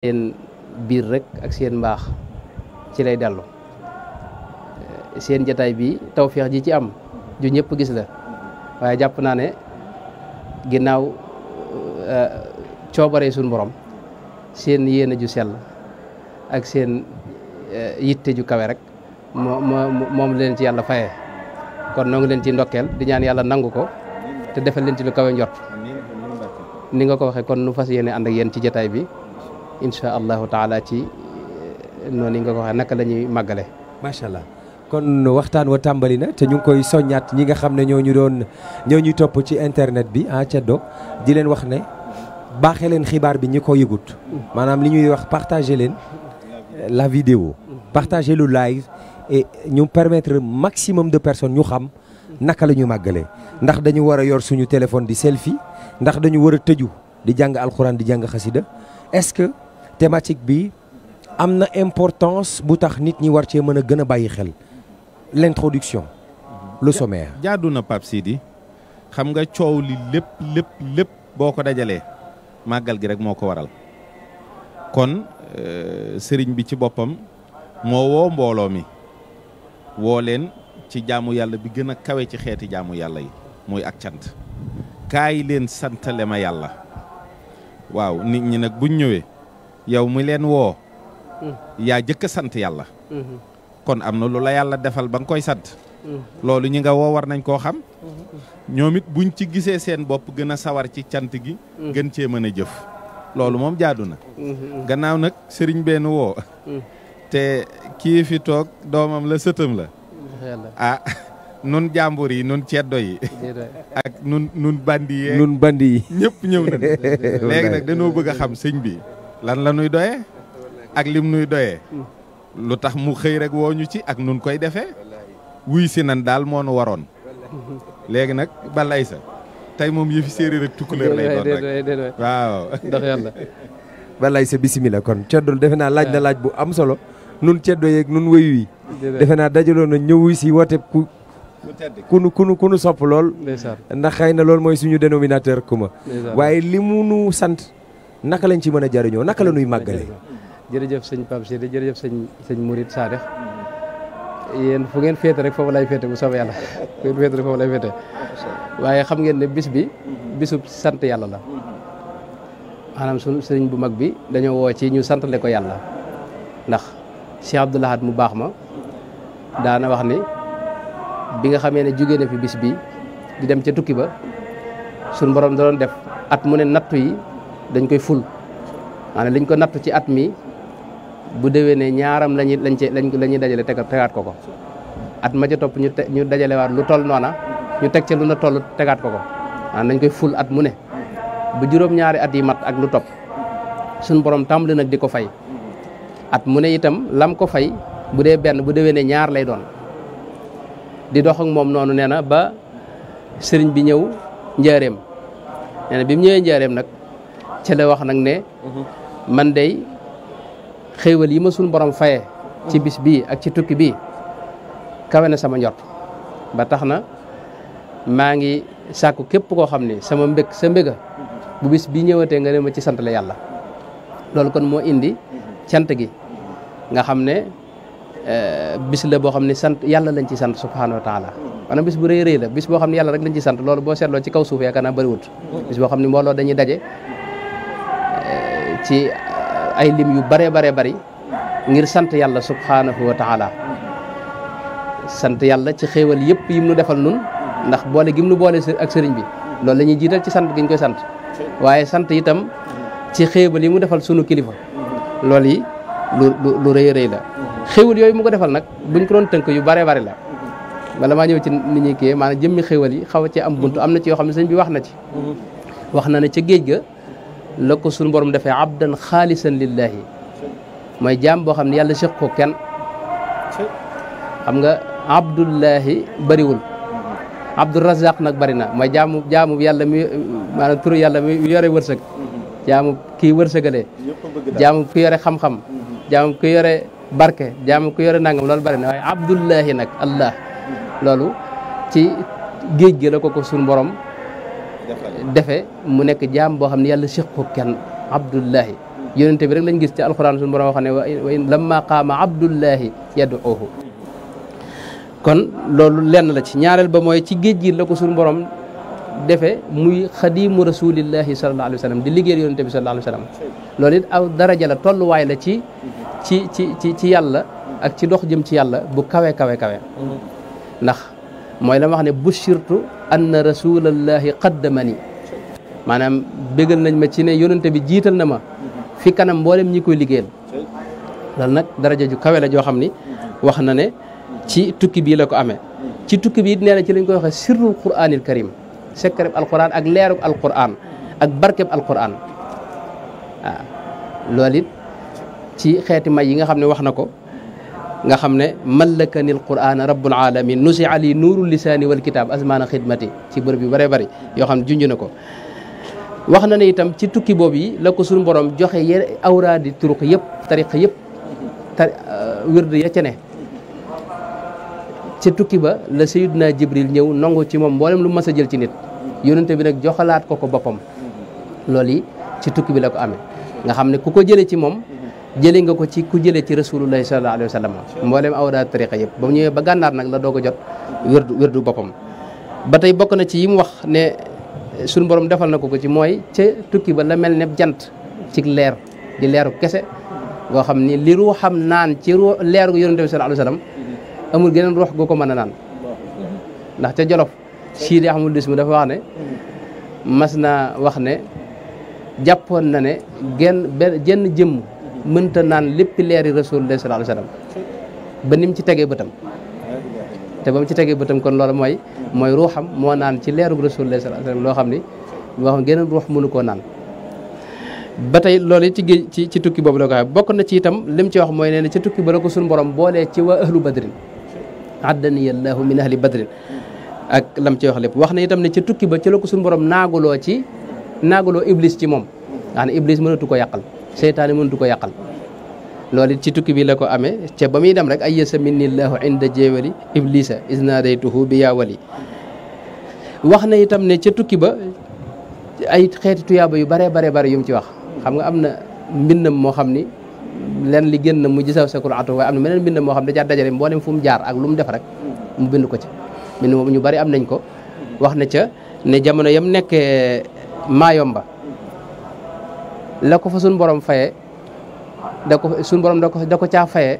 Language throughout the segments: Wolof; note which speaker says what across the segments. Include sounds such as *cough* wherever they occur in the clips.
Speaker 1: seen biir rek ak seen mbaax ci lay dellu seen jataay bi feex ji ci am ju ñépp gis la waaye jàpp naa ne ginnaaw euh, coobaree suñu borom seen yéene ju sell ak seen euh, yitte ju kawe rek moo moom leen ci yàlla fayee kon noo ngi leen ci ndokkeel di ñaan yàlla nangu ko te defal leen ci lu kawe njort ni nga ko waxee kon nu fas yéene ànd ak yéen ci jataay bi incha allahu taala ci eh, noonu yi ko waxee naka lañuy ñuy màggale macha allah
Speaker 2: kon waxtaan wa tàmbali na te ñu ngi koy soññaat ñi nga xam ne ñoo ñu doon ñoo ñuy topp ci internet bi ah ceddo di leen wax ne baaxe leen xibaar bi ñi ko yëgut maanaam li ñuy wax partagé leen eh, la vidéo partagé lu live ñu permettre maximum de personnes ñu xam naka la ñu màggalee ndax dañu war a yor suñu téléphone di selfie ndax dañu war a tëju di jàng alxuraan di jàng xasida est thématique bi am na importance bu tax nit ñi war cee mën a gën a bàyyi xel
Speaker 3: l'introduction le sommaire jaadu na Pape Sidi xam nga coow li lépp lépp lépp boo ko dajalee màggal gi rek moo ko waral kon euh, sëriñ bi ci boppam moo woo mbooloo mi woo leen ci jaamu yàlla bi gën a kawe ci xeeti jaamu yàlla yi mooy ak cant kaay leen santale ma yàlla waaw nit ñi nag buñ ñëwee yow mi leen woo mm. yaa jëkk sant yàlla mm-hmm. kon am na lu la yàlla defal ba nga koy sant
Speaker 4: mm-hmm.
Speaker 3: loolu ñi nga woo war nañ koo xam mm-hmm. ñoom it buñ ci gisee seen bopp gën a sawar ci cant gi gën cee mën a jëf loolu moom jaadu na gannaaw nag sëriñ beenu woo mm. te kii fi toog doomam la sëtam la ah nun jàmbur yi nun ceddo yi ak nun nun nun bandi ñëpp ñëw na *laughs* léegi nag dañoo bëgg a xam sëñ bi lan la nuy doyee ak lim nuy doyee hmm. lu tax mu xëy rek woo ci ak nun koy defee wuy si nan daal moo nu waroon léegi nag balay sa tey moom yëfi séeréer ak tukkuleer lay doon rek waaw ndax yàlla balay sa bisimila
Speaker 2: kon ceddul defe naa laaj na laaj bu am solo nun ceddo yeeg nun wéyu defe naa dajaloo na ñëwuy si woote ku kunu kunu kunu sopp lool ndax xëy na loolu mooy suñu dénominateur kuma waaye li mu sant naka lañ ci mën a jariñoo naka la ñuy màggale
Speaker 1: jërëjëf sëñ Pape Sidi jërëjëf sëñ sëñ Mouride Sadikh yéen fu ngeen féete rek foofu lay féete bu soobee yàlla fu ngeen féete rek foofu lay féete waaye xam ngeen ne bis bi bisu sant yàlla la maanaam suñu sëñ bu mag bi dañoo woo ci ñu santale ko yàlla ndax Cheikh Abdou Lahad mu baax ma daana wax ni bi nga xamee ne jógee na fi bis bi di dem ca tukki ba suñu borom da doon def at mu ne nattu yi dañ koy ful maanaam liñ ko natt ci at mi bu déwénee ñaaram lañu lañ ci lañ la ñuy dajale teg tegaat ko ko at ma ca topp ñu ñu dajalewaat lu toll noona ñu teg ca lu na toll tegaat ko ko maanaam dañ koy ful at mu ne bu juróom-ñaari at yi mat ak lu topp suñ borom tàmbali nag di ko fay at mune ne itam lam ko fay bu dee benn bu déwénee ñaar lay doon di dox moom noonu nee na ba sëriñ bi ñëw njaareem nee na bi mu ñëwee njaareem nag ca la wax nag ne mhm. man day xéewal yi ma suñu borom faye ci mhm. bis bi ak ci tukki bii kawe na sama njot ba tax na maa ngi sàkku képp koo xam ne sama mbég sa mbéga bu bis bi ñëwatee nga ne ma ci sant la yàlla loolu kon moo indi cant gi nga xam ne eh, bis la boo xam ne sant yàlla lañ ci sant subhaanahu wa taala maanaam bis bu rëy rëy la bis boo xam ne yàlla rek lañ ci sant loolu boo seetloo ci kaw suuf yaakaar naa bëriwut mhm. bis boo xam ne mbooloo dañuy daje ci eh, ay lim yu bare bare bari ngir sant yàlla subhaanahu wa taala sant yàlla ci xéewal yëpp yim nu defal nun ndax boole gim nu boole ak sëriñ bi lool lañuy jiital ci sant gi ñu koy sant waaye sant itam ci xéewal yi mu defal sunu kilifa loolu yi lu lu rëy rëy la xéewal yooyu mu ko defal nag buñ ko doon tënk yu bare bari la bala maa ñëw ci nit ñi kii maanaam jëmmi xéewal yi xaw ci am bunt am na ci yoo xam ne sañ bi wax na ci wax na ne ca géej ga la ko suñu borom defee abdan xaalisan lillahi mooy jaam boo xam ne yàlla séq ko kenn xam nga abdullahi bariwul abdurazaq nag bari na mooy jaamu jaamu yàlla mi maanaam turu yàlla mi yore wërsëg jaamu kii wërsëgalee jaamu ki yore xam-xam jaamu ki yore barke jaamu ki yore nangam loolu bari na waaye abdullahi nag allah loolu ci géej gi la ko ko suñu borom defe mu nekk jaam boo xam ne yàlla séq ko kenn abdullahi yonente bi rek lañ gis ci alxuraan suñu borom waxam ne wa lamma qaama abdullahi yaduuhu kon loolu lenn la ci ñaareel ba mooy ci géej gi la ko suñu borom defe muy xadimu rasulillahi sallallahu alayhi wa sallam di liggéeyal yonente bi sallallahu alayhi wa sallam loolu it aw la ci ci ci ci ci yàlla ak ci dox jëm ci yàlla bu kawe kawe kawe mm-hmm. ndax mooy la ma wax ne bushirtu anna rasulallahi qaddamani maanaam bégal nañ ma ci ne yonent bi jiital na ma fi kanam mboolem ñi koy liggéeyal loolu nag daraja ju kawe joo xam ni wax na ne ci tukki bii la ko amee ci tukki bi it ci lañ koy waxee sirrul quraanil karim sekkareb alquran ak leeruk alquran ak barkeb alquran waaw loolu it ci xeeti may yi nga xam ne wax na ko nga xam ne mallakani alqurana rabbul alamin nusi ali nuurul lisaani wal kitab azmana xidmati ci bërëb yu bare bari yoo xam ne junj na ko wax na ne itam ci tukki boobu yi la ko suñu borom joxe yenn awraadi turuq yëpp tariq yëpp ta euh, wërd ya ca ne ci tukki ba la Sayyidna Jibril ñëw nangu ci moom mboolem lu mës a jël ci nit yónnante bi nag joxalaat ko ko boppam loolu yi ci tukki bi la ko amee nga xam ne ku ko jëlee ci moom jëlee nga ko ci ku jëlee ci rasulullahi sallallahu alayhi wa sallam mboolem awraad tariqa yëpp ba mu ñëwee ba gànnaar nag la doog a jot wërdu wërdu boppam ba tey bokk na ci yi suñu boroom defal na ko ko ci mooy ca tukki ba la mel ne jant ci leer di leeru kese goo xam ni li xam naan ci leeru yonente bi sallallahu alayhi amul genn ruux gu ko mën a naan ndax ca jolof Sidi Ahmadu Dis mu dafa wax ne mas na wax ne jàppoon na ne genn benn jenn jëmm mënta naan lépp leeri rasulullah sallallahu alayhi wasallam ba nim ci tegee bëtam te ba mu ci tegee tam kon loolu mooy mooy ruuxam moo naan ci leerug rasulullah sallallahu alayhi wasallam loo xam ni loo xam geneen ruux mënu koo naan ba tey loolu ci géej ci ci tukki boobu la ko waxee bokk na ci itam lim ci wax mooy nee na ci tukki ba ko suñu borom boolee ci waa ahlu badrin addani allahu min ahli badrin ak lam ci wax lépp wax na itam ne ci tukki ba ci la ko suñu borom naaguloo ci naaguloo iblis ci moom nga xam ne iblis mënatu ko yàqal seytaane mënatu ko yàqal loolu it ci tukki bi la ko amee ca ba muy dem rek ay yasa minnillahu inda jéewali iblisa isnadaytuhu bi yaawali wax na itam ne ca tukki ba ay xeeti tuyaaba yu bare bare bare yum ci wax xam nga am na mbindam moo xam ni len li gën na mu sa sekul atu waaye am na meneen mbindam moo xam ne da dajale mboolem fu mu jaar ak lu mu def rek mu bind ko ci mbind moom ñu bari am nañ ko wax na ca ne jamono yam nekkee maayomba la ko fa suñ borom faye da ko suñu borom da ko da ko caa fayee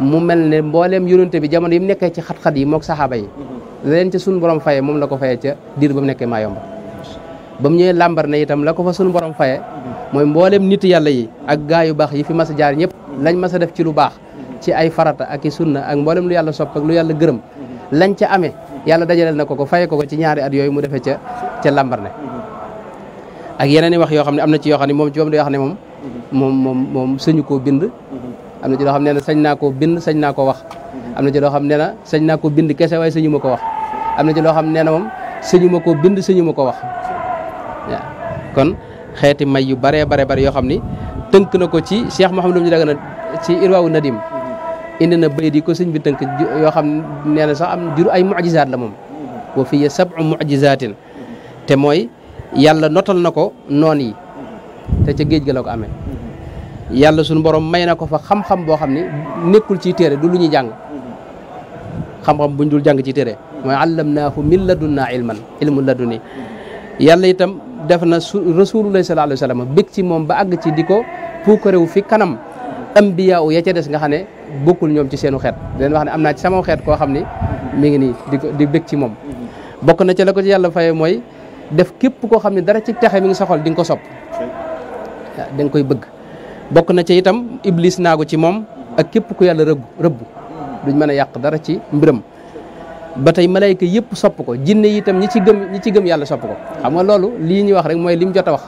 Speaker 1: mu mel ne mbooleem yonente bi jamono yi mu nekkee ci xat-xat yi mook saxaaba yi la leen ca suñu borom fayee moom la ko fayee ca diir ba nekkee maa ba mu ñëwee na itam la ko suñu borom fayee mooy mbooleem nit yàlla ak gaa yu baax yi fi mas a jaar ñëpp lañ mas a def ci lu baax ci ay farata ak i na ak mboolem lu yàlla sopp ak lu yàlla gërëm lañ ca amee yàlla dajaleel na ko ko fayee ko ko ci ñaari at yooyu mu defee ca ca lambar ne ak yeneen i wax yoo xam ne am na ci yoo xam ne moom ci moom day wax ne moom moom moom moom sañu koo bind am na ci loo xam ne sañ naa koo bind sañ naa koo wax am na ci loo xam ne na sañ naa koo bind kese waaye sañu ma ko wax am na ci loo xam ne na moom sañu ma koo bind sañu ma ko wax waaw kon xeeti may yu bare bare bare yoo xam ni tënk na ko ci Cheikh Mouhamadou ñu daga na ci irwaawu nadim indi na bayit yi ko sëñ bi tënk yoo xam nee na sax am jur ay mujizaat la moom wa fiya sab'u mujizatin te mooy yàlla notal na ko noon yi te ca géej ga la ko amee yàlla suñu borom may na ko fa xam-xam boo xam ne nekkul ci téere du lu jàng xam-xam buñ dul jàng ci téere mooy allamnaahu min ladunnaa ilman ilmu laduni yàlla itam def na su rasulullahi sallallahu alayhi wa sallam bég ci moom ba àgg ci di ko puukarewu fi kanam ambiya u ya ca des nga xam ne bokkul ñoom ci seenu xeet leen wax ne am naa ci sama xeet koo xam ni mi ngi nii di di bég ci moom bokk na ci la ko ci yàlla fa mooy def képp koo xam ne dara ci texe mi ngi soxal di nga ko sopp da nga koy bëgg bokk na ci itam iblis naagu ci moom a képp ku yàlla rëbb rëbb duñ mën a yàq dara ci mbiram ba tey malayka yëpp sopp ko jinne itam ñi ci gëm ñi ci gëm yàlla sopp ko xam na loolu lii ñuy wax rek mooy li jot a wax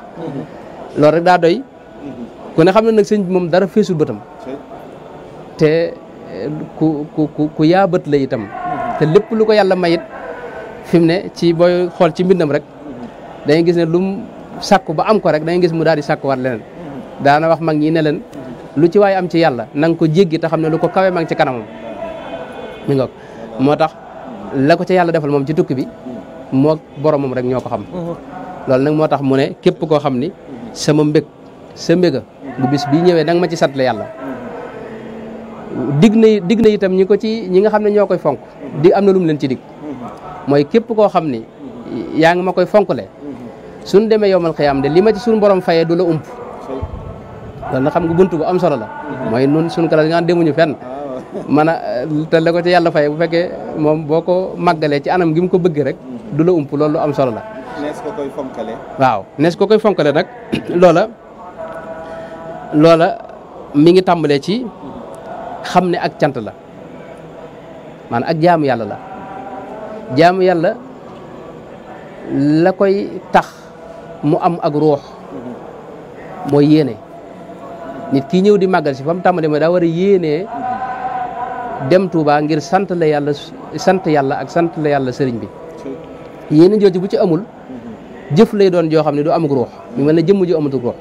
Speaker 1: loolu rek daa doy ku ne xam ne nag sëñ moom dara feesul bëtam te ku ku ku yaa bët la itam te lépp lu ko yàlla mayit fi mu ne ci booy xool ci mbindam rek dangay gis ne lum sàkku ba am ko rek da gis mu daal di sàkku war leneen daana wax mag ñi ne leen lu ci waay am ci yàlla na ko jéggi te xam ne lu ko kawe ma ngi ci kanamam mi ngoog moo tax la ko ca yàlla defal moom ci tukki bi moo boromam rek ñoo ko xam loolu nag moo tax mu ne képp koo xam ni sama mbég sa mbéga bu bis bi ñëwee nanga ma ci satle yàlla dig na dig na ñi ko ci ñi nga xam ne ñoo koy fonk di am na lu mu leen ci dig mooy képp koo xam ni yaa ngi ma koy fonkle suñ demee yowmal xiyaam de li ma ci suñu borom fayee du la ump loolu na xam nga bunt bu am solo la mooy nun suñu kala nga demuñu fenn ah. man a te la ko ci yàlla fayee bu fekkee moom boo ko màggalee ci anam gi mu ko bëgg rek du la ump loolu am solo la
Speaker 3: nees ko koy fonkale
Speaker 1: waaw nees ko koy fonkale nag *clears throat* loola loola mi ngi tàmbalee ci xam ne ak cant la maanaam ak jaamu yàlla la jaamu yàlla la koy tax mu am ak ruux mooy yéene nit kii ñëw di màggal si fa mu tàmbalee mooy daa war a dem Touba ngir sant la yàlla sant yàlla ak sant yàlla sëriñ bi yéene jooju bu ci amul jëf lay doon joo xam ne du amuk ruux mu mel ne jëmm ji amatuk ruux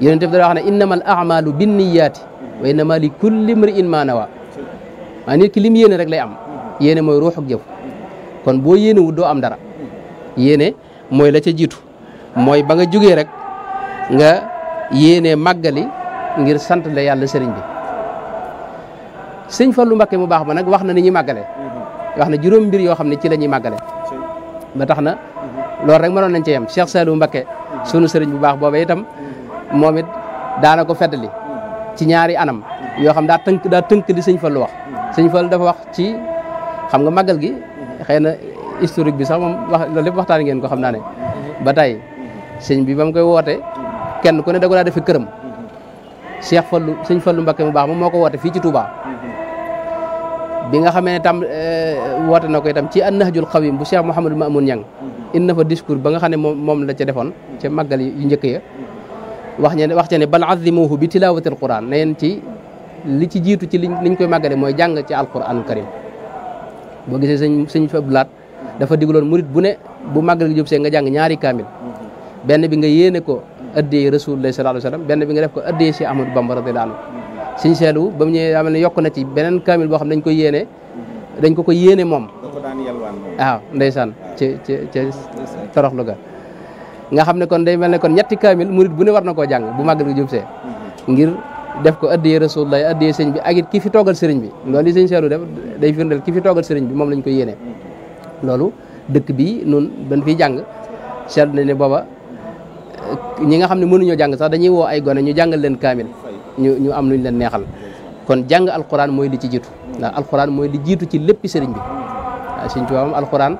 Speaker 1: yéen def dara wax ne innamal a'maalu binniyaati wa innama li kulli mri'in maa nawa maa nit ki lim rek lay am yéene mooy ruux ak jëf kon boo yéene wut doo am dara yéene mooy la ca jiitu mooy ba nga jógee rek nga yéenee màggali ngir sant la yàlla sëriñ bi sëñ lu Mbakke mu baax ma nag wax na ni ñuy màggale mhm. wax na juróom mbir yoo xam ne ci la ñuy màggale ba tax na mhm. loolu rek mënoon nañ ci yem Cheikh Saliou Mbakke mhm. sunu sëriñ bu baax booba itam moom it daana ko feddali ci ñaari anam yoo xam daa tënk daa tënk li sëñ wax sëñ Fallu dafa wax ci xam nga màggal gi xëy na historique bi sax moom wax loolu lépp waxtaan ngeen ko xam naa ba tey sëñ bi ba mu koy woote kenn ku ne da ko daa defe këram Cheikh Fallou sëñ Fallou Mbacké mu baax moom moo ko woote fii ci Touba bi nga xamee ne tam eh, woote na koy itam ci an-Nahjul Qawim bu Cheikh Mouhamadou Mamoun Niang indi na fa discours ba nga xam ne moom moom la ca defoon ca màggal yu njëkk ya wax ne wax ca ne bal azimuhu bi tilawatil quran na yeen ci li ci jiitu ci liñ koy màggale mooy jàng ci alquranul karim boo gisee sëñ sëñ fa laat dafa digloon murit bu ne bu màggal gi jub see nga jàng ñaari kaamil benn bi nga yéene ko addiyee rasulullah sallallahu alayhi wasallam benn bi nga def ko addiyee si Ahmadu Bamba radiyallahu anhu siñ seelu ba mu ñëwee daa mel ne yokk na ci beneen kaamil boo xam ne dañ ko yéene dañ ko ko yéene moom waaw ndeysaan ci ga nga xam ne kon day mel ne kon ñetti kaamil murit bu ne war na koo jàng bu màggal gi jub see ngir def ko addiyee rasulullah addiyee sëriñ bi ak it ki fi toogal sëriñ bi loolu li sëñ seelu def day firndeel ki fi toogal sëriñ bi moom lañ ko yéene loolu dëkk bi noonu ban fiy jàng seetlu ne booba ñi nga xam ne mënuñoo jàng sax dañuy woo ay gone ñu jàngal leen kaamil ñu ñu am luñ leen neexal kon jàng alxuraan mooy li ci jiitu ndax alxuraan mooy li jiitu ci lépp sëriñ bi waaw Sëriñ Tuubaa alxuraan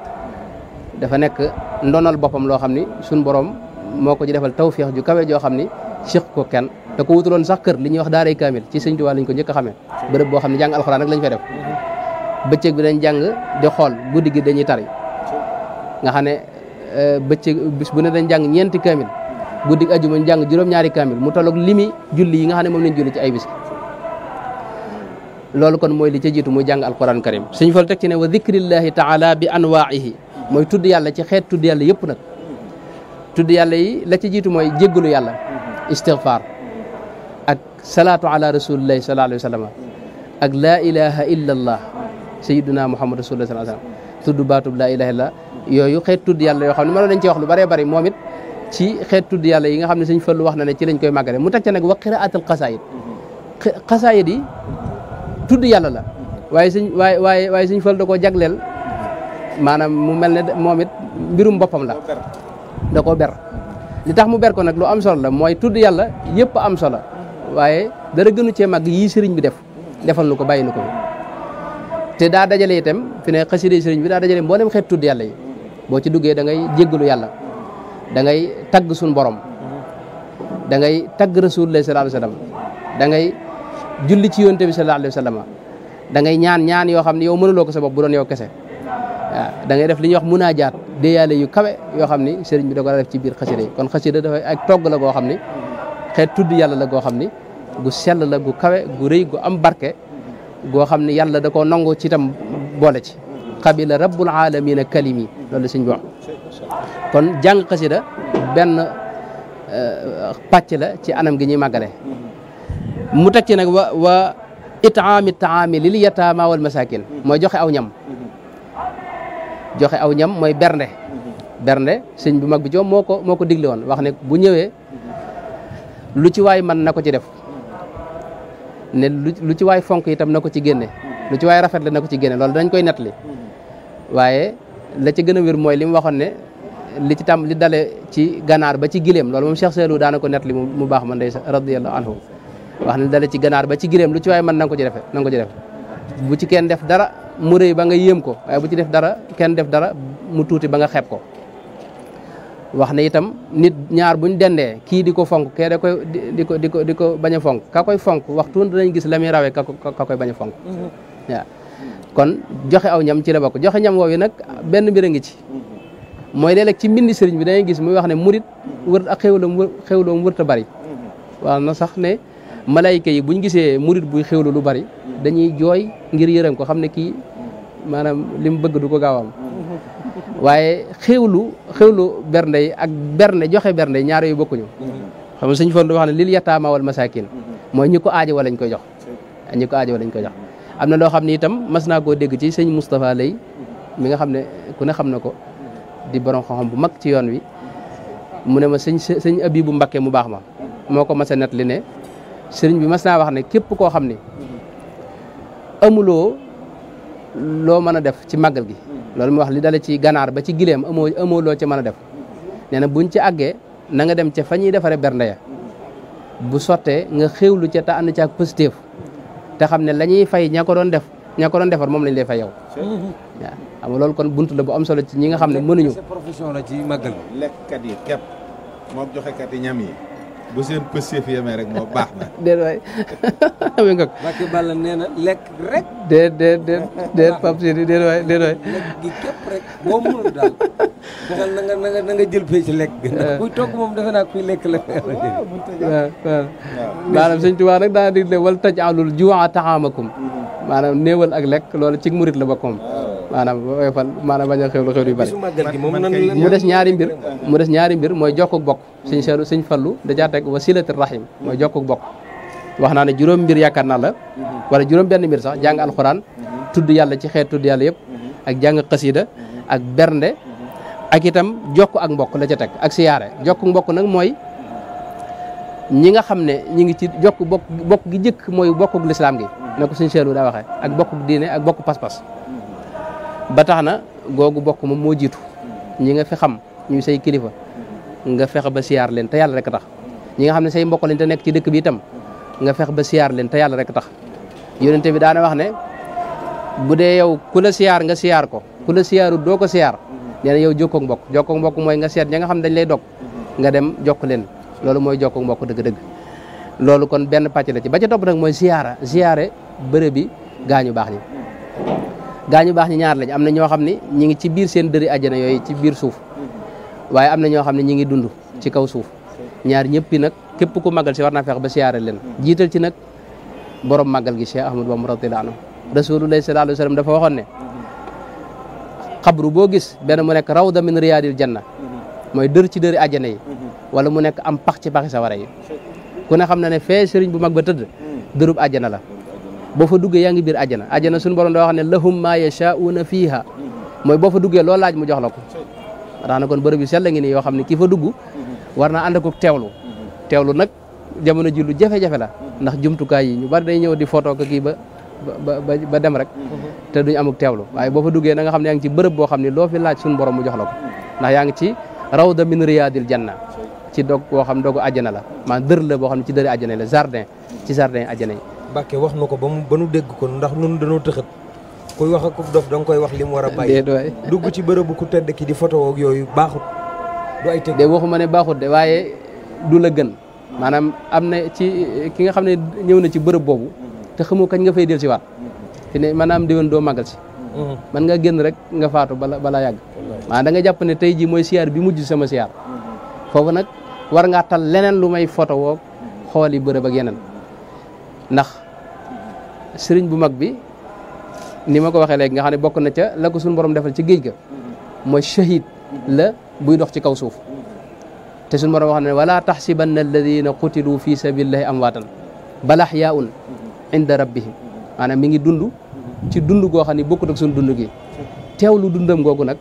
Speaker 1: dafa nekk ndonal boppam loo xam ni suñ borom moo ko ci defal tawféex ju kawe joo xam ni séq ko kenn te ko wutuloon sax kër li ñuy wax daaray kaamil ci Sëriñ Tuubaa lañ ko njëkk xame xamee boo xam ne jàng alxuraan rek lañ fay def bëccëg bi dañ jàng di xool guddi gi dañuy tari nga xam ne euh, bëccëg bis bu ne dañ jàng ñeenti kaamil guddi gi ajuma ñu jàng juróom-ñaari kaamil mu tolloog limi julli yi nga xam ne moom lañ julli ci ay bis loolu kon mooy li ca jiitu muy jàng alquran karim suñ fal teg ci ne wa zikrillahi taala bi anwaihi mooy tudd yàlla ci xeet tudd yàlla yëpp nag tudd yàlla yi la ci jiitu mooy jéggalu yàlla istighfar ak salaatu ala rasulillahi sallallahu alayhi wa sayyidina muhammad rasulullah sallallahu alayhi wasallam tudd baatub laa ilaha la yooyu xeet tudd yàlla yoo xam ne mënoon nañ ci wax lu bëree bëri moom it ci yàlla yi nga xam ne suñ fallu wax na ne ci lañ koy màggale mu teg ca nag wa qiraatul xasaayid xasaayid yi tudd yàlla la waaye suñ waaye waaye waaye suñ fallu da koo jagleel maanaam mu mel ne moomit mbirum boppam la da koo ber li tax mu ber ko nag lu am solo la mooy tudd yàlla yëpp am solo waaye dara gënu cee màgg yii sëriñ bi def defal nu ko bàyyi nu ko te daa dajale itam fi ne xasida sëriñ bi daa dajale mboolem xeet tudd yàlla yi boo ci duggee dangay ngay yàlla da ngay tagg suñu borom dangay ngay tagg rasulullah sallallahu alayhi wa sallam da ngay julli ci yonte bi sallallahu alayhi wa sallam da ngay ñaan ñaan yoo xam ne yow mënuloo ko sa bopp bu doon yow kese waaw da ngay def li ñuy wax munaajaat de yàlla yu kawe yoo xam ni sëriñ bi da ko ci biir xasida yi kon xasida dafay ak togg la goo xam ni xeet tudd yàlla la goo xam ni gu gu kawe gu rëy gu am barke goo xam ne yàlla da koo nangu ci itam boole ci xabila rabbul alamina kalimi loolu la sëñ bi wax kon jàng xasida benn euh, pàcc la ci anam gi ñuy màggale mu teg ci nag wa wa itaami taami lil yataama wal masakin mooy joxe aw ñam joxe aw ñam mooy bernde bernde sëñ bu mag bi joom moo ko moo ko digle woon wax nekk bu ñëwee lu ci waay mën na ko ci def ne lu ci waay fonk itam na ko ci génne lu ci waay rafetle na ko ci génne loolu dañ koy nettali waaye la ci gën a wér mooy li mu waxoon ne li ci tam li dale ci ganaar ba ci gileem loolu moom Cheikh Seydou daana ko nettali mu baax man day radiyallahu anhu wax ne dale ci ganaar ba ci gileem lu ci waay mën na ko ci defe na ko ci def bu ci kenn def dara mu rëy ba nga yéem ko waaye bu ci def dara kenn def dara mu tuuti ba nga xeeb ko wax ne itam nit ñaar buñ dendee kii di ko fonk kee da koy di ko di ko di ko bañ a fonk ka koy fonk waxtu danañ gis la muy rawee ka ka koy bañ fonk mm-hmm. waaw kon joxe aw ñam ci la bokk joxe ñam woowu nag benn mbir a ngi ci mm-hmm. mooy léeg-léeg ci mbind sëriñ bi dangay gis muy wax ne murit wër ak xéwloom xéwloom wërta bari mm-hmm. waaw na sax ne malayka yi buñ gisee murit buy xéwlu lu bari dañuy jooy ngir yërëm ko xam ne kii maanaam li mu bëgg du ko gaawam waaye xéwlu xéwlu bernde yi ak bernde joxe bernde yi ñaar yu bokkuñu. xam nga suñu fond wax ne lil yataama wal masaakin mooy ñi ko aajo wala ñu koy jox ñi ko aajo wala koy jox am na loo xam ne itam mas naa koo dégg ci sëñ Moustapha lay mi nga xam ne ku ne xam na ko di borom xam bu mag ci yoon wi mu ne ma sëñ sëñ Abibu Mbakke mu baax ma moo ko mas a ne sëriñ bi mas naa wax ne képp koo xam ne amuloo loo mën a def ci màggal gi loolu mu wax li dale ci ganaar ba ci gileem amoo amoo loo ci mën a def nee buñ ci àggee nanga nga dem ca fa ñuy defaree bernde ya bu sottee nga xéwlu ca te ànd ca ak positif te xam ne la ñuy fay ña ko doon def ña ko doon defar moom lañ lay fay yow waaw xam kon buntu la bu am solo ci ñi nga xam ne mënuñu.
Speaker 3: profession la ci màggal lekkat yi képp moo joxekat yi ñam yi
Speaker 1: bu seen pëstéef yemee rek moo baax na. *laughs* déet waay xam *laughs* nga. Mbacke
Speaker 3: Balla nee na lekk rek.
Speaker 1: déet déet déet déet Pape Sidi déet waay déet waay. gi
Speaker 2: képp rek boo na nga
Speaker 1: jël fee ci lekk gi. ndax *laughs* kuy togg
Speaker 2: moom defe naa kuy lekk la. waaw waaw waaw. maanaam sëñ
Speaker 1: Tuubaa di ne wal taj alul juwaa taxaamakum. Mm-hmm. maanaam néewal ak lekk loolu ci murit la bokkoon. maanaam oyofal maanaam bañ a xewlu xewlu yu bari
Speaker 2: mu des ñaari mbir mu
Speaker 1: des ñaari mbir mooy jokkuk bokk suñ seelu suñ fallu da caa teg wasilati rahim mooy jokkuk bokk wax naa ne juróom mbir yaakaar naa la wala juróom benn mbir sax jàng alxuraan tudd yàlla ci xeet tudd yàlla yëpp ak jàng xasida ak bernde ak itam jokk ak mbokk la ca teg ak siyaare jokk mbokk nag mooy ñi nga xam ne ñi ngi ci jokk bokk bokk gi jëkk mooy bokkuk lislaam gi ne ko suñ seelu daa waxee ak bokkuk diine ak bokk pas-pas ba tax na googu bokk moom moo jiitu ñi nga fi xam ñu say kilifa nga fexe ba siyaar leen te yàlla rek tax ñi nga xam ne say mbokk lañ te nekk ci dëkk bi itam nga fex ba siyaar leen te yàlla rek tax yonente bi daana wax ne bu dee yow ku la siyaar nga siyaar ko ku la siyaaru doo ko siyaar nee na yow jokkoog mbokk jokkoog mbokk mooy nga seet ña nga xam dañ lay dog nga dem jokk leen loolu mooy jokkoog mbokk dëgg-dëgg loolu kon benn pàcc la ci ba ca topp rek mooy siyaara siyaare bërëb bi gaañu baax ñi gaa ñu baax ñi ñaar lañ am na ñoo xam ne ñi ngi ci biir seen dëri àjjana yooyu ci biir suuf waaye am na ñoo xam ne ñi ngi dund ci kaw suuf ñaar ñëppi nag képp ku màggal si war naa feex ba siyaare leen jiital ci nag borom màggal gi Cheikh Ahmadou Bamba radiyallaahu anhu rasulullahi sallallaahu alayhi wa sallam dafa waxoon ne xabru boo gis benn mu nekk rawda min riyaadil janna mooy dër ci dëri àjjana yi wala mu nekk am pax ci paxi sawara yi ku ne xam na ne fee sëriñ bu mag ba tëdd dërub la boo fa duggee yaa ngi biir ajjana ajjana suñu borom da wax ne lahum ma yashaauna fiha mooy boo fa duggee loo laaj mu jox la ko tax kon bërëb yu sell ngi yoo xam ne kii fa dugg war na ànd ak teewlu teewlu nag jamono ji lu jafe la ndax jumtukaay yi ñu bari day ñëw di photo ko ki ba ba ba dem rek te duñ amuk teewlu waaye boo fa duggee na nga xam ne yaa ngi ci bërëb boo xam ne loo fi laaj suñu borom mu jox la ko ndax yaa ngi ci rawda min riyadil janna ci dog boo xam ne dogu àjjana la maanaam dër la boo xam ne ci dëri àjjana la jardin ci jardin àjjana
Speaker 2: Mbàkke wax na ko ba nu dégg ko ndax nun dañoo tëxët kuy wax
Speaker 1: ak dof da nga koy wax li war a bàyyi dugg ci bërëbu ku tedd ki di photo ak yooyu baaxut du ay tëgg de waxuma ne baaxut de waaye du la gën maanaam am na ci ki nga xam ne ñëw na ci bërëb boobu te xamoo kañ nga fay del si waat fi ne maanaam déwén doo màggal si mm-hmm. man nga génn rek nga faatu bala bala yàgg maanaam da nga jàpp ne tey jii mooy siyaar bi mujj sama siyaar mm-hmm. foofu nag war ngaa tal leneen lu may photo woo xool yi bërëb ak yeneen ndax sëriñ bu mag bi ni ma ko waxee léegi nga xam ne bokk na ca lakk suñ suñu borom defal ci géej ga mooy shahid la buy dox ci kaw suuf te suñu borom wax ne wala taxsibanna alladina qutilu fi sabilillahi amwaatan bal ahyaun inda rabbihim maanaam mi ngi dund ci dund goo xam ne bokkut ak suñu dund gi teewlu dundam googu nag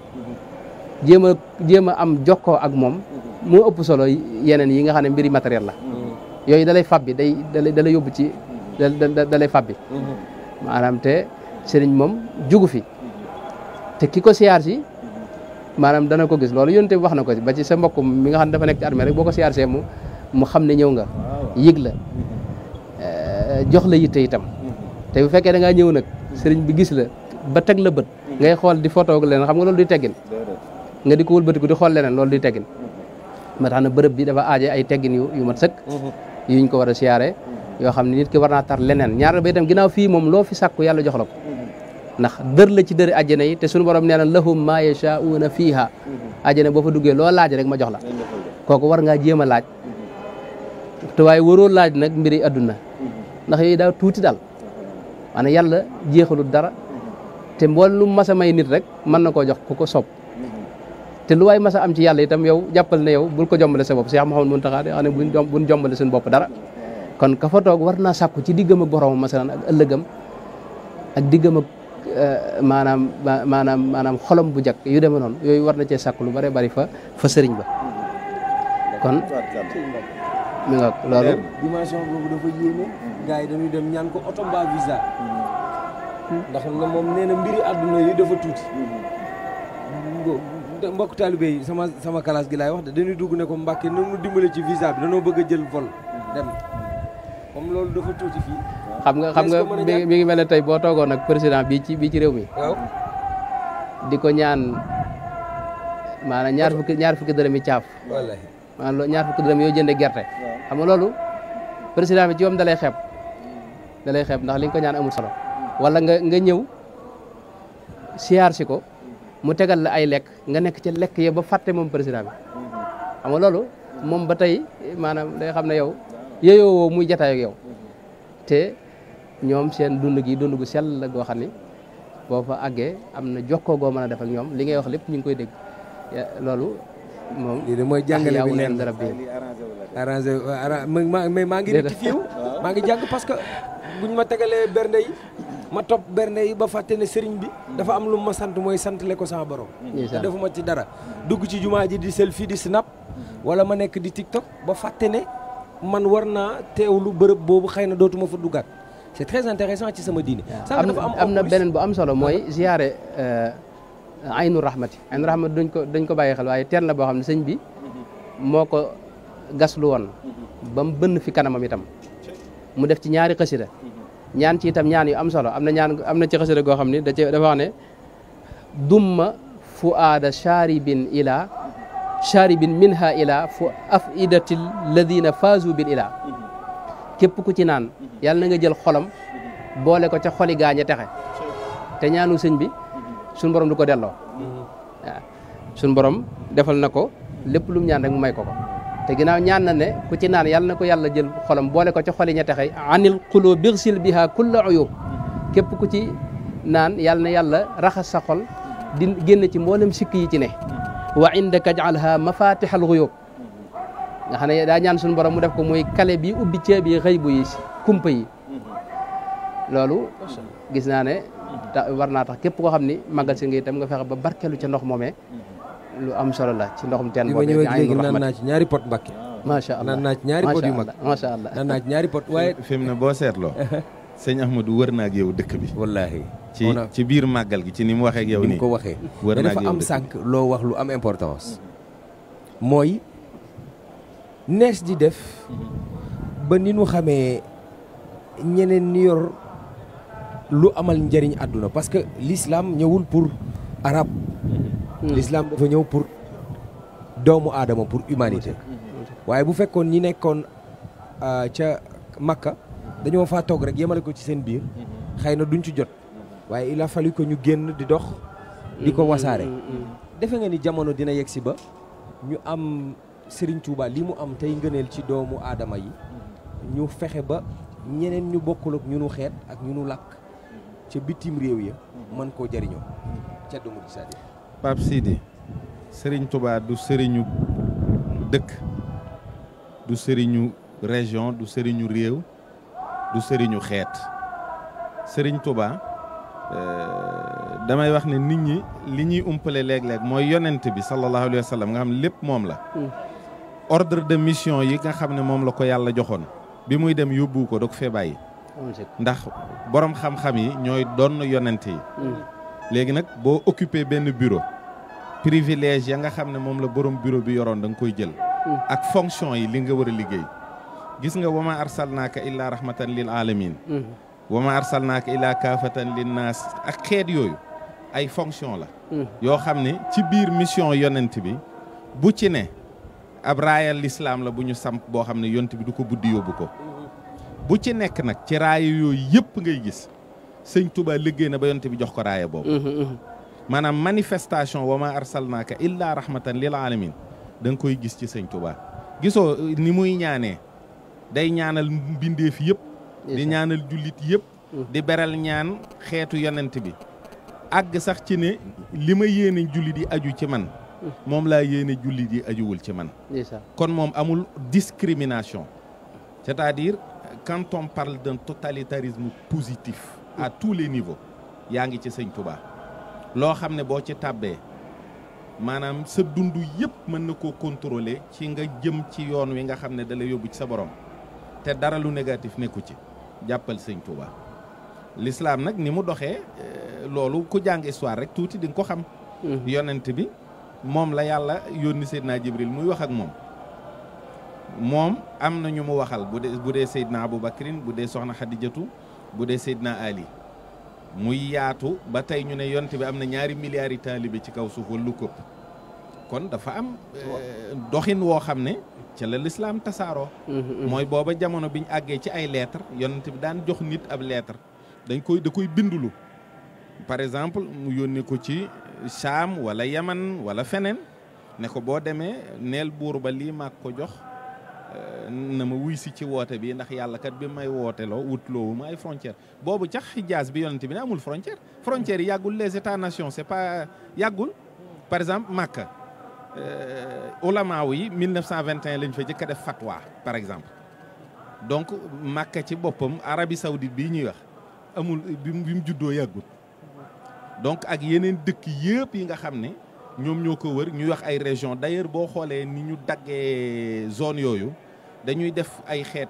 Speaker 1: jéem a jéem a am jokkoo ak moom moo ëpp solo yeneen yi nga xam ne mbiri matériel la yooyu dalay fab bi dalay yóbbu da da lay fàbbi mhm. maanaam te sëriñ moom jugu fi te ki ko siyaar si maanaam dana ko gis loolu yoon te wax na ko ba ci sa mbokk mi nga xam ne dafa nekk ko siyaar see mu mu xam ne ñëw nga yëg la mhm. eh, jox la yitte mhm. te bu fekkee da ngaa ñëw nag sëriñ bi gis la ba teg la bët ngay xool di photo ak leneen xam nga lool di teggin nga di ko wëlbatiku di xool leneen loolu di teggin ma tax na bërëb bi dafa aaje ay teggin yu yu mat sëkk yuñ ko war a siyaare yoo xam ne nit ki war naa tar leneen ñaar ba itam ginnaaw fii moom loo fi sàkku yàlla jox la ko ndax dër la ci dëri àjjana yi te suñu borom nee na lahum ma yashaa'una fiiha àjjana boo fa duggee loo laaj rek ma jox la kooku war ngaa jéem a laaj te waroo laaj nag mbiri adduna ndax yooyu tuuti daal maanaam yàlla jeexalul dara te mboolu mas a may nit rek mën na koo jox ku ko soob te lu a am ci yàlla itam yow jàppal ne yow bul ko jombale sa bopp Cheikh Mouhamadou Mountakha de xam ne buñ jombale suñu bopp dara kon ka fa toog war naa sàkku ci diggam ak boromam masalan ak ëllëgam ak diggam ak eh, maanaam maanaam maanaam bu njëkk yu deme noonu yooyu war na cee sàkku lu bare bari fa fa sëriñ ba kon mi nga loolu
Speaker 2: dimension dafa dem ñaan ko oto mbaa visa ndax nee na mbiri àdduna yi dafa tuuti mbokk taalibe yi sama sama classe gi laay wax de dañuy dugg ne ko Mbàkke na mu dimbale ci visa bi dañoo bëgg a jël vol comme loolu dafa tuuti xam nga xam nga
Speaker 1: mi ngi mel ne tey boo toogoon ak président bii ci bii ci réew mi. di ko ñaan maanaam ñaar fukki ñaar fukki dërëm yi caaf. maanaam loolu ñaar fukki dërëm yoo jënde gerte. xam nga loolu président bi ci moom da lay xeeb. da lay ndax liñ ko ñaan amul solo. wala nga nga ñëw siyaar si ko mu tegal la ay lekk nga nekk ci lekk ya ba fàtte moom président bi
Speaker 4: mm-hmm.
Speaker 1: xam nga loolu moom ba tey maanaam day xam na yow. yeyoo woo muy jataay ak yow te ñoom seen dund gi dund gu sell la goo xam ni boo fa àggee am na jokkoo goo mën a def ak ñoom li ngay wax lépp ñu ngi koy dégg loolu moom lii mooy jàngale bi leen dara bi arrangé ah, mais maa ngi rectifié wu
Speaker 2: maa ngi jàng parce que buñ ma tegalee bernde yi ma topp bernde yi ba fàtte ne sëriñ bi dafa am lu ma sant mooy santale ko sama borom te defuma ci dara dugg ci jumaa ji di selfie di snap mm-hmm. wala ma nekk di tiktok ba fàtte ne man war naa teewlu bërëb boobu
Speaker 1: xëy na dootuma fa duggaat c'est très intéressant ci sama diine. sànq am am na beneen bu am solo mooy ziyaare euh, aynu rahmati aynu rahmati duñ ko dañ ko bàyyi xel waaye teen na boo xam ne sëñ bi moo ko gaslu woon ba bënn fi kanamam itam mu def ci ñaari xasida ñaan ci itam ñaan yu am solo am na ñaan am na ci xasida goo xam ne da cee dafa wax ne dumma fuaada charibin ila charibin minha ila fu afidatil ladina faazu bil ila képp ku ci naan yàlla na nga jël xolom boole ko ca xoli gaañ a texe te ñaanu sëñ bi sun borom du ko delloo sun borom defal na ko lépp lu ñaan rek mu may ko ko te ginnaaw ñaan na ne ku ci naan yàlla na ko yàlla jël xolom boole ko ca xoli ña texe anil xuloo birsil biha kulla uyub képp ku ci naan yàlla na yàlla raxas sa xol di génn ci mboolem sikk yi ci ne wa indaka jaalha mafatihal ghuyub nga xam ne daa ñaan suñu borom mu def ko muy kale bi ubbi ceeb yi xëy bu yi kumpa yi loolu gis naa ne war naa tax képp koo xam ni màggal si nga itam nga fexe ba barkeelu ci ndox moomee lu am solo la ci ndoxum teen boobu léegi naan naa
Speaker 2: ci ñaari pot mbàkke macha allah naan naa ci ñaari pot yu mag
Speaker 1: macha allah naan naa ci ñaari pot waaye
Speaker 3: fi mu ne boo seetloo *laughs* sëñ du wër naa ak yow dëkk bi. wallaahi. ci ci biir màggal gi ci ni mu waxee ak yow nii. ni ko waxee wër naa ak dafa am sànq loo wax lu am importance.
Speaker 2: mooy nees di def ba ni nu xamee ñeneen ñi lu amal njëriñ àdduna parce que l'islam ñëwul pour arabe. Mm-hmm. l'islam dafa ñëw pour doomu aadama pour humanité. waaye bu fekkoon ñi nekkoon euh, ca Makka. dañoo faa toog rek yemale ko ci seen biir mhm. xëy na duñ ci jot waaye il a fallu ñu génn di dox li ko wasaare mhm, mhm, defe nga ni jamono dina yegg si ba ñu am Serigne Touba li mu am tey ngëneel ci doomu aadama yi ñu fexe ba ñeneen ñu bokkul ak ñu nu xeet ak ñu nu làkk ca bitim réew ya mën koo jariñoo ca doomu di Sadi
Speaker 3: Pape Sidi Serigne du sëriñu dëkk du sëriñu région du sëriñu réew du sëriñu xeet sëriñ Tuubaa euh, damay wax ne nit ñi li ñuy umpale léeg-léeg mooy yonent bi sallallahu alayhi wa nga xam lépp moom la mm. ordre de mission yi nga xam ne moom la ko yàlla joxoon bi muy dem yóbbu ko da ko fee bàyyi ndax borom xam-xam yi ñooy doon yonent yi mm. léegi nag boo occupé benn bureau privilège ya nga xam ne moom la borom bureau bi yoroon da nga koy jël mm. ak fonction yi li nga war a liggéey gis nga wama arsalnaaka illaa rahmatan lil alamin mm-hmm. wama arsalnaaka illaa kaafatan lin naas ak xeet yooyu ay fonction la mm-hmm. yoo xam ne ci biir mission yonent bi bu ci ne ab raayal lislaam la bu ñu samp boo xam ne yonent bi du ko buddi yóbbu ko mm-hmm. bu ci nekk nag ci raaya yooyu yëpp ngay gis sëñ Touba liggéey na ba yonent bi jox ko raaya boobu maanaam manifestation wama arsalnaaka illaa rahmatan lil alamin da nga koy gis ci sëñ Touba gisoo ni muy day ñaanal mbindeef yëpp di ñaanal jullit yëpp mm. di beral ñaan xeetu yonent bi àgg sax ci ne li ma yéene jullit yi aju ci man mm. moom laa yéene jullit yi ajuwul ci man kon moom amul discrimination c'est-à-dire quand on parle d'un totalitarisme positif mm. à tous les niveaux yaa ngi ci sëñ loo xam ne boo ci tàbbee maanaam sa dund yëpp mën na ko contrôler ci nga jëm ci yoon wi nga xam ne dala yóbbu ci sa borom te dara lu négatif nekku ci jàppal sëñ Touba l'islam nag ni mu doxee euh, loolu ku jàng histoire rek tuuti di nga ko xam mm-hmm. yonent bi moom la yàlla yónni naa Jibril muy wax ak moom moom am na ñu mu waxal bu dee bu dee Seydina Aboubacrin bu dee Soxna Xadijatu bu dee sedd Seydina Ali muy yaatu ba tey ñu ne yonent bi am na ñaari milliards yi taalibe ci kaw suuf wala lu këpp kon dafa am euh, doxin woo xam ne ca la lislaam tasaaroo mm-hmm. mooy booba jamono biñ àggee ci ay lettre yonent bi daan jox nit ab lettre dañ koy da koy bindulu par exemple mu yónni ko ci Saam wala Yaman wala feneen ne ko boo demee neel buur ba lii maag ko jox euh, na ma wuy si ci woote bi ndax yàlla kat bi may wooteloo wutloowu ma ay frontière boobu cax xijaas bi yonent bi ne amul frontière frontière yàggul les états nations c'est pas yàggul par exemple Makka ulamaaw yi 1921 lañ fa jëkk def fatwa par exemple donc Makka ci boppam Arabie Saoudite bii ñuy wax amul bi mu juddoo yàggut donc ak yeneen dëkk yëpp yi nga xam ne ñoom ñoo ko wër ñu wax ay région d'ailleurs boo xoolee ni ñu daggee zone yooyu dañuy def ay xeet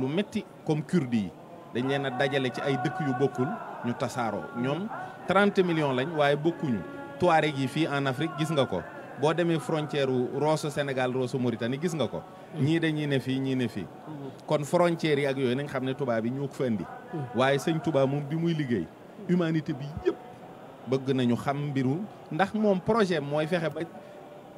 Speaker 3: lu metti comme kurdi yi dañ leen a dajale ci ay dëkk yu bokkul ñu tasaaroo ñoom 30 millions lañ waaye bokkuñu tuareg yi fii en Afrique gis nga ko boo demee frontière Rosso Sénégal Rosso ni gis nga ko. Mm. ñii de dañuy ne fii ñii ne fii. Mm-hmm. kon frontières yi ak yooyu nañ xam ne tubaab yi ñoo ko fa indi. Mm. waaye sëñ tubaab moom bi muy liggéey. humanité bi yëpp bëgg nañu xam mbiru ndax moom projet mooy fexe ba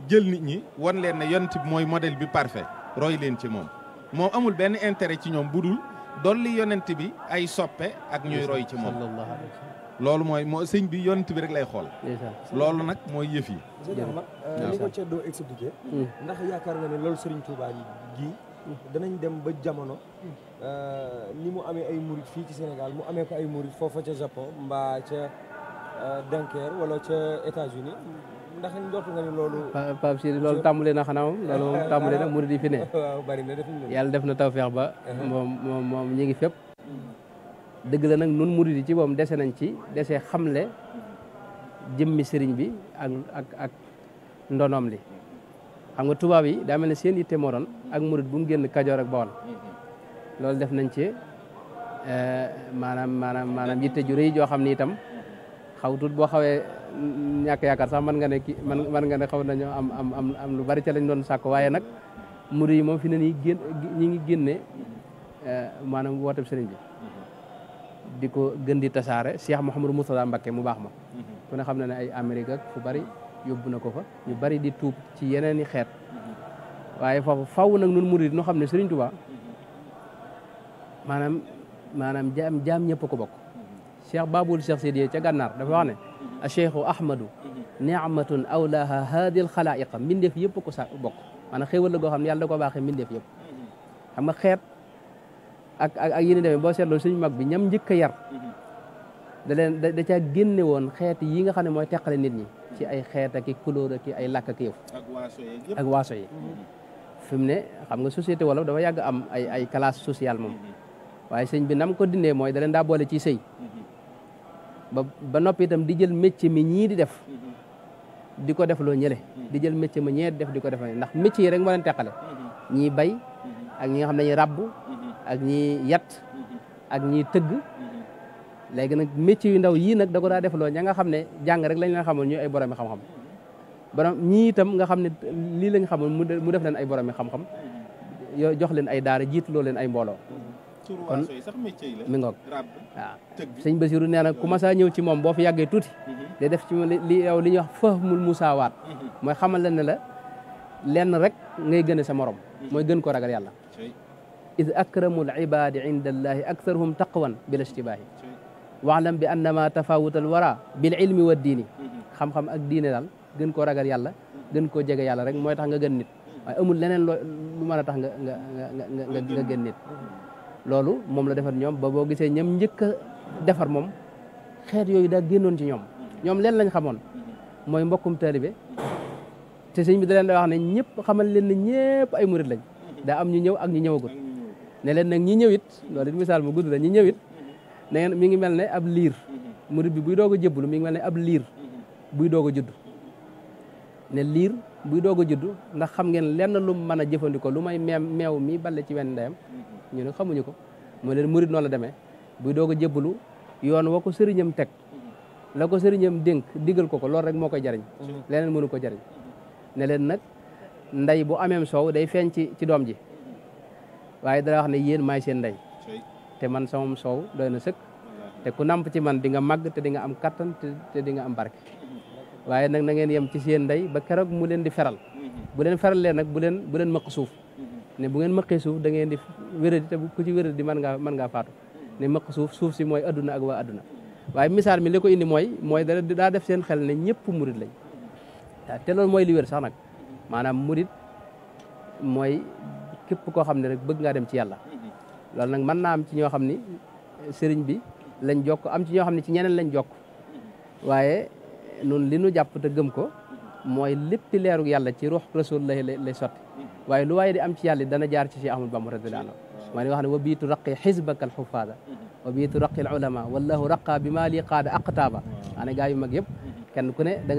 Speaker 3: jël nit ñi wan leen ne yonent bi mooy modèle bi parfe roy leen ci moom. moom amul benn intérêt ci ñoom bu budul dolli yonent bi ay soppe ak ñuy roy ci moom. loolu mooy moo sëñ bi yoon bi rek lay xool. loolu nag mooy yëf yi. Euh, li ko Ceddo expliqué. Hmm. ndax
Speaker 2: yaakaar nga ne loolu Serigne Touba gii danañ dem ba jamono hmm. euh, ni mu amee ay murit fii ci Sénégal mu amee ko ay murit foofu ca Japon mbaa ca euh, Dunkerque wala ca États-Unis ndax njort nga ne loolu. Pape Sidi loolu tàmbale na xanaa moom loolu moom *laughs* na murit yi fi ne. *laughs* waaw bari na def na yàlla def
Speaker 1: na tawfeex ba. *laughs* moom moom moom ñi ngi fépp. Hmm. dëgg la nag nun murid yi ci moom dese nañ ci dese xamle jëmmi sëriñ bi ak ak ak li xam nga tubaab yi daa mel ne seen itte moroon ak murid bu mu génn kajoor ak bawol loolu def nañ ci eh, maanaam maanaam maanaam yitte ju rëy joo xam ni itam xaw tuut boo xawee ñàkk yaakaar sax mën nga ne ki man mën nga ne xaw nañoo am am am am lu bari ca lañ doon sàkk waaye nag murid yi moom fi ne nii génn ñi ngi génne eh, maanaam wootab sëriñ bi di ko gën di tasaare Cheikh Mouhamadou Moustapha Mbacké mu baax ma mhm. ku ne xam na ne ay Amérique ak fu bari yóbbu na ko fa ñu bari di tuub ci yeneen i xeet
Speaker 4: mhm.
Speaker 1: waaye foofu faw nag nun murid nu xam ne Serigne Touba mhm. maanaam maanaam jaam jaam ñëpp ko bokk Cheikh Babul Cheikh Sidiye ca gànnaar dafa wax ne a Cheikhu Ahmadou ni'matun awlaha haadil xalaa'iqa mbindeef yëpp ko sa bokk maanaam xéewal la goo xam ne yàlla da ko baaxee mbindeef yëpp xam nga xeet ak ak ak yeneen demee boo seetloo suñu mag bi ñam njëkk a yar da da caa génne woon xeet yii nga xam ne mooy teqale nit ñi ci ay xeet ak i couleur ak ay làkk ak yow ak waaso yi fi mu ne xam nga société wala dafa yàgg am ay ay classe sociale moom waaye sëñ bi nam ko dindee mooy da daa boole ci sëy ba ba noppi itam di jël métier mi ñii di def di ko def loo ñële di jël métier ma ñee di def di ko def ndax métier yi rek moo leen teqale ñii bay ak ñi nga xam ne dañuy ràbb ak ñii yat ak ñii tëgg léegi nag métier yu ndaw yii nag da ko daa def ña nga xam ne jàng rek lañ leen xamoon ñu ay boromi xam-xam borom ñii itam nga xam ne lii lañ xamoon mu def leen ay boromi xam-xam yoo jox leen ay daara jiitloo leen ay mbooloo
Speaker 4: kon mi ngoog
Speaker 1: waaw sëñ Basiru nee na ku masaa ñëw ci moom boo fi yàggee tuuti mhm. day def ci li yow li ñuy wax fahmul musaawaat mhm. mooy xamal la ne la lenn rek ngay gëne sa morom mhm. mooy gën ko ragal yàlla إذ أكرم العباد عند الله أكثرهم تقوا بلا اشتباه واعلم بأن ما تفاوت الورى بالعلم والدين xam-xam ak diine daal gën koo ragal yàlla gën koo jege yàlla rek mooy tax nga gën nit waaye amul leneen lu ma a tax nga nga nga nga gën nit loolu moom la defar ñoom ba boo gisee ñoom njëkk a defar moom xeet yooyu daa génnoon ci ñoom ñoom leen lañ xamoon mooy mbokkum taalibe te sëñ bi da leen wax ne ñëpp xamal leen ne ñëpp ay murit lañ ne leen nag ñi ñëwit it loolu it misaal mu gudd la ñi ñëw it mi ngi mel ne ab liir murid bi buy doog a jébbalu mi ngi mel ne ab liir buy doog a judd ne liir buy doog judd ndax xam ngeen lenn lu mën a jëfandikoo lu may meem meew mi balle ci wenn ndeyam ñu ne xamuñu ko mu leen murid noonu la demee buy doog a jébbalu yoon woo ko sëriñam teg la ko sëriñam dénk diggal ko ko loolu rek moo koy jariñ leneen mënu ko jariñ ne leen nag ndey bu ameem soow day feeñ ci ci doom ji waaye dara wax ne yéen maay seen ndey te man sama soow doy na sëkk te ku namp ci man di nga màgg te di nga am kattan te di nga am barke waaye nag na ngeen yem ci seen ndey ba keroog mu leen di feral bu leen leen nag bu leen bu leen mëq suuf ne bu ngeen mëqee suuf da ngeen di wéradi te ku ci wéradi mën ngaa mën ngaa faatu ne mëq suuf suuf si mooy adduna ak waa adduna waaye misaal mi li ko indi mooy mooy di daa def seen xel ne ñëpp murit lañ te loolu mooy li sax nag maanaam murit képp koo xam ne rek bëgg ngaa dem ci yàlla loolu nag mën naa am ci ñoo xam ni sëriñ bi lañ jokk am ci ñoo xam ne ci ñeneen lañ jokk waaye noonu li nu jàpp te gëm ko mooy lépp leerug yàlla ci ruux rasul lay lay sotti waaye lu waaye di am ci yàlla dana jaar ci Cheikh Ahmadou Bamba radiyallaahu anhu maa ni wax ne wa biitu raqi xisbaka alxufaada wa biitu raqi al ulama wallahu raqa bi maa lii qaada aqtaaba maanaam gaa yu mag yëpp kenn ku ne da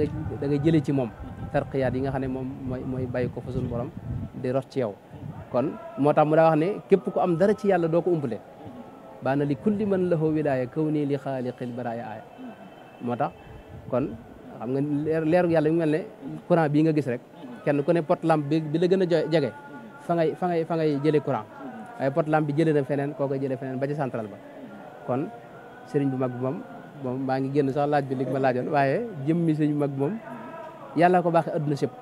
Speaker 1: nga jëlee ci moom tarqiyaat yi nga xam ne moom mooy mooy bàyyi ko fa suñu borom ci yow kon moo tax mu daa wax ne képp ku am dara ci yàlla doo ko baa na li kulli man lahu wilaaya kaw nii li xaaliqil baraaya aaya moo tax kon xam nga leeru yàlla yu mel ne bii nga gis rek kenn ku ne pot lampe bi bi la gën a jege fa ngay fa ngay fa ngay jëlee courant waaye pot lampe bi jëlee na feneen koo ko jëlee feneen ba ci central ba kon sëriñ bu mag bi moom moom ngi génn sax laaj bi li ma laajoon waaye jëmmi sëriñ bu mag bi moom yàlla ko baaxee adduna sëpp